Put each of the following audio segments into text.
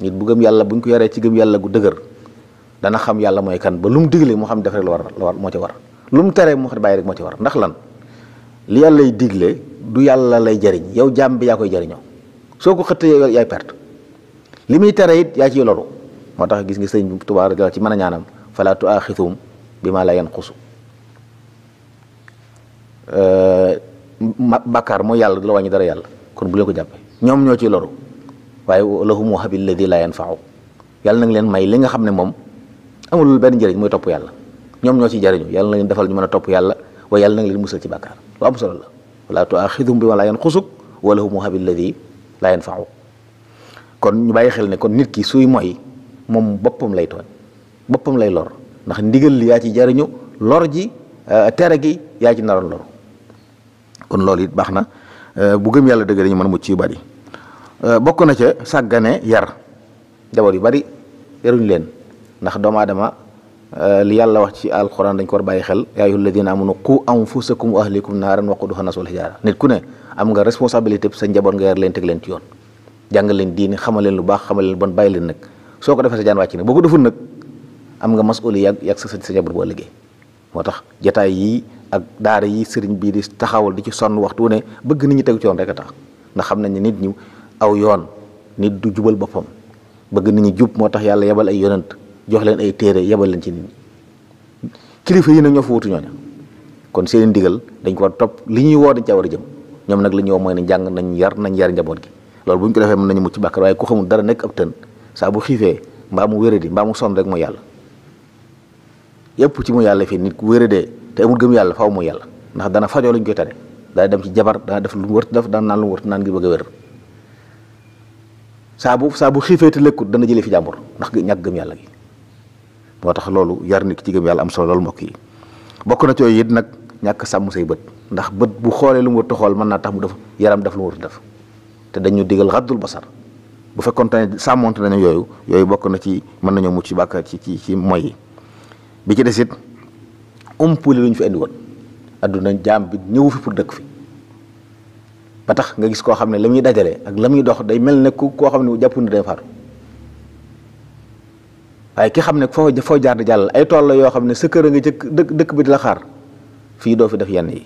nit bu gëm yàlla bu buñ ko yaree ci gëm yàlla gu dëgër dana xam yàlla mooy kan ba lu mu digle mu xam def rek la war la moo ci war lu mu teree mu bàyyi rek moo ci war ndax lan li yàlla lay digle du yàlla lay jariñ yow jaam bi yaa koy jariñoo soo ko xëttee yow yaay perte li muy tere it yaa ciy loru moo tax gis nga sëñ tubaar radiyallaahu ci mën a ñaanam a falaa tuaaxisuhum bimaa laa yanqusu bàkkaar mooy yàlla du la wàññi dara yàlla kon bu leen ko jàppee ñoom ñoo ciy loru waaye lahum wahabi alladi la yanfau yàlla na nga leen may li nga xam ne moom amulul benn njëriñ mooy topp yàlla ñoom ñoo ci jëriñu yàlla na defal ñu mën a topp yàlla waaye yàlla na nga leen ci bàkkaar am solo la wala tuaxidhum bi ma laa yanqusuk wa lahum wahabi alladi la yanfau kon ñu bàyyi xel ne kon nit ki suy mooy moom boppam lay tooñ boppam lay lor ndax ndigal li yaa ci jariñu lor ji euh, tere gi yaa ci naroon loru kon loolu it baax na euh, bu gëm yàlla dëgg dañu mën a mucc yu bari Euh, bokk na ca sàggane yar jabar yu bari yaruñ leen ndax doomu adama euh, li yàlla wax ci alquran dañ ko war bàyyi xel yaa ayyuha alladina amanu qu anfusakum wa ahlikum naaran waquduha nas wal hijaara nit ku ne am nga responsabilité sa njaboot nga yar leen teg leen ci yoon jàngal leen diini xamal leen lu baax xamal leen bon bàyyi leen nag soo ko defee sa jaan wàcc nag boo ko deful nag am nga masuli yàgg sa sa boo liggéey moo tax jataay yi ak daara yi sëriñ bii di taxawal di ci sonn waxtu ne bëgg nit ñi tegu ci yoon rek a tax xam nañ ne nit ñi aw yoon nit du jubal boppam bëgg nit ñi jub moo tax yàlla yebal ay yonant jox leen ay téere yebal leen ci nit ñi kilifa yi nag ñoo fa wutu ñooña kon seen ndigal dañ ko war topp li ñuy woo dañ caa war jëm ñoom nag li ñuy woo mooy ne jàng nañ yar nañ yar njaboot gi loolu bu ñu ko defee mun nañu mu ci bàkkar waaye ku xamul dara nekk ab tën saa bu xiifee mbaa mu wéradi mbaa mu sonn rek mooy yàlla yëpp ci mu yàlla fii nit ku wéradee te amul gëm yàlla faaw mooy yàlla ndax dana fajoo lañ koy tane dana dem ci jabar dana def lu mu def dana naan lu mu naan ngi bëgg a wér saa bu saa bu xiifeeti lekkut dana jëlee fi jàmbur ndax ñàkk gëm yàlla gi moo tax loolu yar nit ki ci gëm yàlla am solo loolu mbokk yi bokk na cooy it nag ñàkk sàmm say bët ndax bët bu xoolee lu mu war xool mën naa tax mu def yaram def lu mu war def te dañu digal xaddul basar bu fekkoon te sàmmonte nañu yooyu yooyu bokk na ci mën nañoo mucc ci bàkkaar ci ci ci moy yi bi ci des it umpule lu ñu fi indi woon adduna jaam bi ñëw fi pour dëkk fi ba tax nga gis koo xam ne la muy dajale ak la muy dox day mel ne ku koo xam ne jàpp na day faatu waaye ki xam ne foo foo jaar di jàll ay tool la yoo xam ne sa kër a nga jëkk dëkk dëkk bi di la xar fii doo fi def yenn yi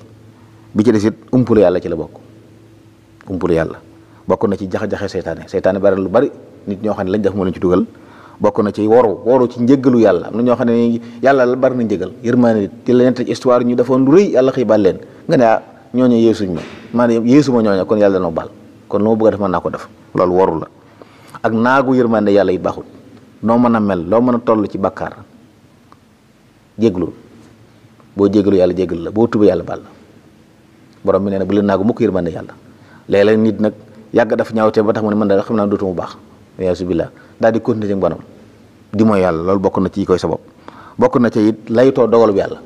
bi ci des it umpul yàlla ci la bokk umpul yàlla bokk na ci jaxe-jaxe seytaane seytaane bari lu bari nit ñoo xam ne lañ def moo leen ci dugal bokk na ci woru woru ci njëgalu yàlla na ñoo xam ne yàlla la bari na njëgal yërmaane nit ci la nett histoire ñu defoon lu rëy yàlla leen ñooñu ñu ma maanaam mo ñoña kon yalla dañu bal kon no bëgg def man nako ko def lool waru la ak naagu yermane yalla yi baaxul no mëna mel lo mëna a toll ci bakkar jéglu bo jéglu yalla jégal la bo tubu yalla bal borom bi nee bu le naagu mu ko yermane yalla lélé nit nak yag daf ñawte ba tax mo ne man da xamna dootu mu bax ya billah dal di continuer ci banam di mo yalla lool bokku na ci koy sabab bokku na ci it laytoo dogalub yalla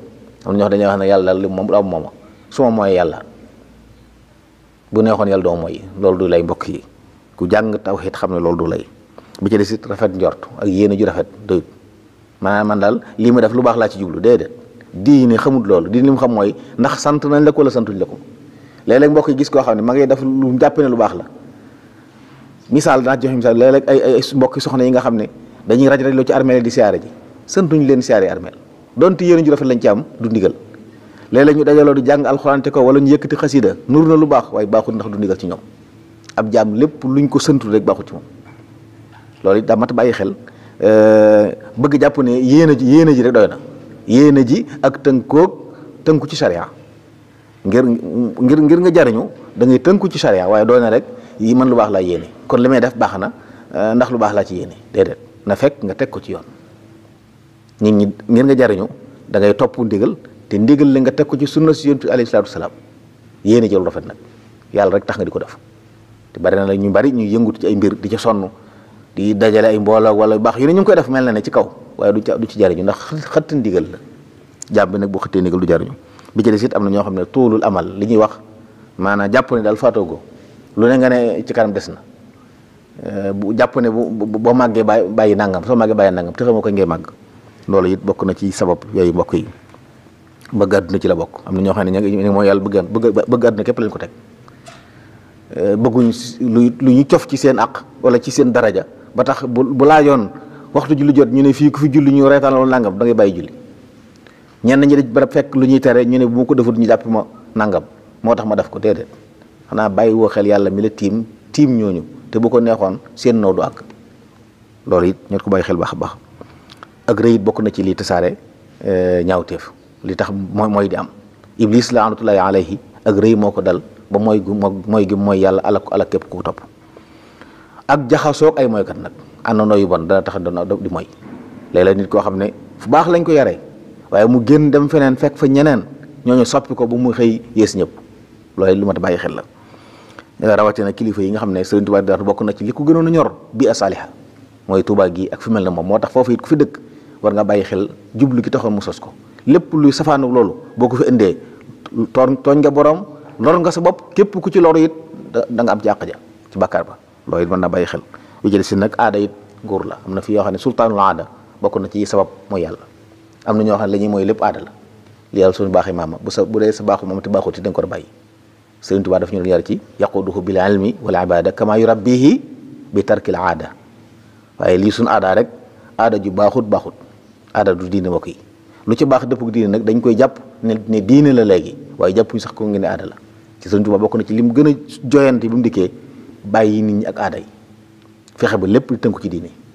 am ñu wax dañu wax na yalla daal mom aw mooma su mooy yàlla bu neexoon yàlla doo mooy loolu du lay mbokk yi ku jàng taw tawhid xam ne loolu du lay bi ci des rafet njort ak yéene ju rafet doyut maanaam man daal lii ma def lu baax laa ci jublu déedéet diine xamut loolu diine li mu xam mooy ndax sant nañ la santuñ la ko léeg-léeg mbokk yi gis koo xam ne ma ngay def lu jàpp ne lu baax la misaal naa joxe misaal léeg-léeg ay ay mbokki soxna yi nga xam ne dañuy raj raj loo ci armeel di siyaare ji santuñ leen siyaare armeel donte yéene ju rafet lañ ci am du ndigal léeg ñu dajaloo di jàng alxuraan ko wala ñu yëkkati xasida nur na lu baax waaye baaxul ndax du ndigal ci ñoom ab jaam lépp luñ ko sëntu rek baaxul ci moom loolu it daa mat bàyyi xel bëgg jàpp ne yéen a ji yéen a ji rek doy na yéen a ji ak tënkoog tënku ci charia ngir ngir nga jariñu da ngay tënku ci charia waaye doy rek yi man lu baax laa yéene kon li may def baax na ndax lu baax ci yéene déedéet na fekk nga teg ko ci yoon nit ñi ngir nga jariñu da topp ndigal te ndigal la nga teg ko ci sunna si yonent bi alayhi salaatu salaam yéene jël rafet nag yàlla rek tax nga di ko def te na la ñu bari ñu yëngutu ci ay mbir di ca sonn di dajale ay mbooloo wala baax yu ne ñu ngi koy def mel na ne ci kaw waaye du ca du ci jariñu ndax xëtt ndigal la jàmm bi nag bu xëttee ndigal du jariñu bi ci des it am na ñoo xam ne tuulul amal li ñuy wax maanaam jàpp ne daal faatoogo lu ne nga ne ci kanam des na euh, bu jàpp ne bu boo màggee bàyyi nangam soo màggee bàyyi nangam te xamoo ko ngay màgg loolu it bokk na ci sabab yooyu mbokk yi bëgg aduna ci la bok amna ño ñoo xam ne ñi mooy yàlla bëgg bëgg aduna képp lañ ko tek euh bëgguñ lu ñu ciof ci seen ak wala ci seen daraja ba tax bu la yoon waxtu julli jot ñu ne fi ku fi julli ñu rétal lu nangam da ngay bàyyi julli ñen ñi dañ barab fekk lu ñuy téré ñu ne bu ko defut ñu japp ma nangam motax ma daf ko dédé xana bàyyi wo xel yalla mi la tim tim ñooñu te bu ko neexon seen noo ak lool loolu it ñu ko bàyyi xel baax baax ak reuy bokku na ci li tassaré euh ñaawteef li tax moy moy di am iblis la anatullahi alayhi ak reey moko dal ba moy gu gi moy yalla alak alak kep ko top ak jaxasoog ay kat nak anono yu bon da tax do di moy léeg-léeg nit ko xamne fu bax lañ ko yare waye mu genn dem fenen fek fa ñeneen ñoñu soppi ko bu mu xey yes ñep loy lu mat bayi xel la na kilifa yi nga xamne Serigne Touba daal bokku na ci liku gënon na ñor bi asaliha moy Touba gi ak fi melna mom motax fofu it ku fi dekk war nga xel jublu gi mu sos ko lépp luy safaanu loolu boo ko fi indee tooñ tooñ nga borom lor nga sa bopp képp ku ci loru it da nga am ci àq ja ci bàkkaar ba loolu it mën na bàyyi xel yu jël si nag aada it nguur la am na fi yoo xam ne sultaanul aada bokk na ci sabab mooy yàlla am na ñoo xam ne la ñuy mooy lépp aada la li yàlla suñu baaxee maama bu sa bu dee sa baaxu maama te baaxut da nga ko bàyyi Sëriñ Tuubaa daf ñu doon yar ci yaquduhu bil ilmi wal ibada kama yurabbihi bi tarkil aada waaye lii suñu aada rek aada ju baaxut baaxut aada du diine mbokk yi lu ci baax dëppug diine nag dañ koy jàpp ne ne diine la léegi waaye jàppuñ sax ko ngi ne aada la ci Sëriñ Tuubaa bokk na ci lim gën a joyante bi mu dikkee bàyyi nit ñi ak aada yi fexe ba lépp di tënku ci diine